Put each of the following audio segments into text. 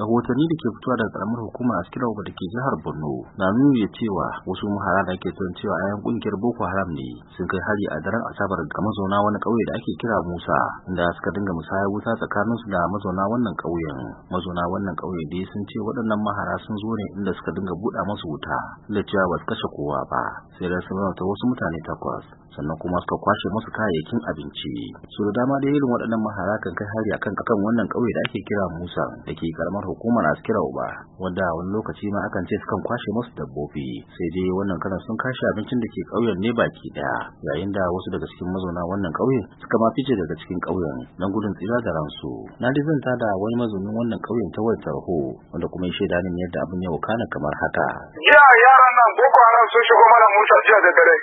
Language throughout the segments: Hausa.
rahotanni da ke fitowa daga karamar hukumar askira da ke jihar borno na nuni da cewa wasu muhara da ke son cewa ayan kungiyar boko haram ne sun kai hari a daren asabar ga mazauna wani kauye da ake kira musa inda suka dinga musaya wuta tsakanin su da mazauna wannan ƙauyen mazauna wannan ƙauye dai sun ce waɗannan mahara sun zo ne inda suka dinga buɗa masu wuta da cewa ba su kashe kowa ba sai da sun ta wasu mutane takwas sannan kuma suka kwashe musu kayayyakin abinci su da dama da irin waɗannan mahara kan kai hari akan wannan kauye da ake kira musa da ke karamar hukumar askira uba wanda wani lokaci ma akan ce sukan kwashe musu dabbobi sai dai wannan kana sun kashe abincin da ke ƙauyen ne baki daya yayin da wasu daga cikin mazauna wannan ƙauyen suka ma fice daga cikin ƙauyen don gudun tsira da ransu na dai zan tada wani mazaunin wannan ƙauyen ta wayar tarho wanda kuma ya shaida min yadda abin ya wakana kamar haka. jiya yaran nan boko haram sun shigo mana musa jiya da dare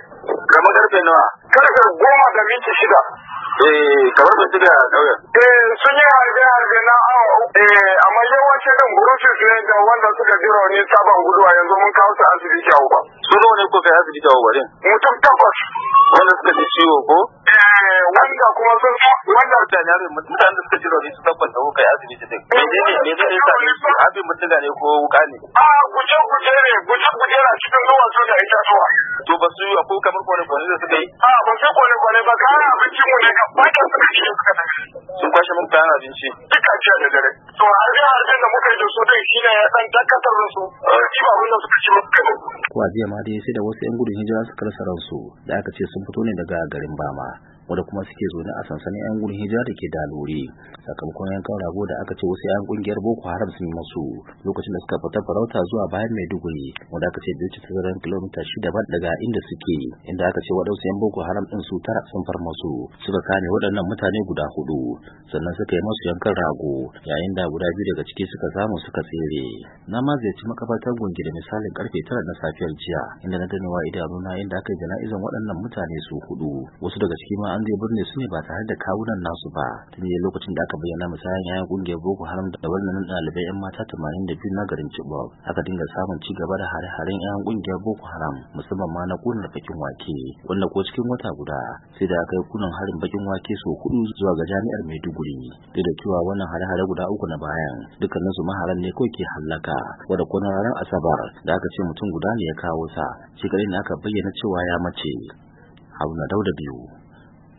kamar karfe nawa karfe goma da minti shida Eh, kamar da suke a ƙauyen. Eh, sun yi harbe-harbe na awa eh, amma yawanci ɗin burushes ne da wanda suka ji rauni sabon guduwa yanzu mun kawo su asibiti a uba. Su ne ko kai asibiti a uba din? Mutum takwas. wanda suka ji ciwo ko eh, wanda kuma sun wanda mutane ne da suka ji rauni su tabbata ko kai asibiti din eh, me ne me ne ne sa su abi mutane ne ko wuka ne a ah, guje guje ne guje guje na cikin ruwan su da ita tuwa to ba su yi ko kamar kone kone da suka yi a ah, ba su kone kone ba ka abinci mu ne ka ba ka suka ci suka tafi bashi mun kayan abinci. da dare. To da har da muka yi da su dai shi ne ya san dakatar su. Shi ba abin da suka ci muku kai. Kuwa jiya ma dai sai da wasu 'yan gudun hijira suka rasa ransu da aka ce sun fito ne daga garin Bama. wanda kuma suke zaune a sansanin 'yan gudun hijira da ke daluri sakamakon yankan rago da aka ce wasu 'yan kungiyar boko haram sun yi masu lokacin da suka fita farauta zuwa bayan maiduguri wanda aka ce bai ci tazaran kilomita shida ba daga inda suke inda aka ce waɗansu 'yan boko haram ɗin su tara sun far masu suka kame waɗannan mutane guda hudu sannan suka yi masu yankan rago yayin da guda biyu daga ciki suka samu suka tsere na ma ziyarci makabartar gungi da misalin karfe tara na safiyar jiya inda na ganewa idanuna inda aka yi jana'izan waɗannan mutane su hudu wasu daga ciki ma an zai birne su ne ba tare da kawunan nasu ba tun lokacin da aka bayyana misalin 'ya'yan gungiyar boko haram da wannan ɗalibai 'yan mata tamanin da biyu na garin Chibok aka dinga samun ci gaba da hare-haren 'yan kungiyar Boko Haram musamman ma na kunar bakin wake wanda ko cikin wata guda sai da aka yi kunan harin bakin wake su hudu zuwa ga jami'ar Maiduguri guri duk da cewa wannan hare-hare guda uku na bayan dukkaninsu maharan ne ko ke hallaka wadda kuna ranar asabar da aka ce mutum guda ne ya kawo sa shi da ne aka bayyana cewa ya mace haruna dauda biyu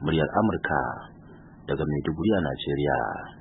muryar amurka daga maiduguri a najeriya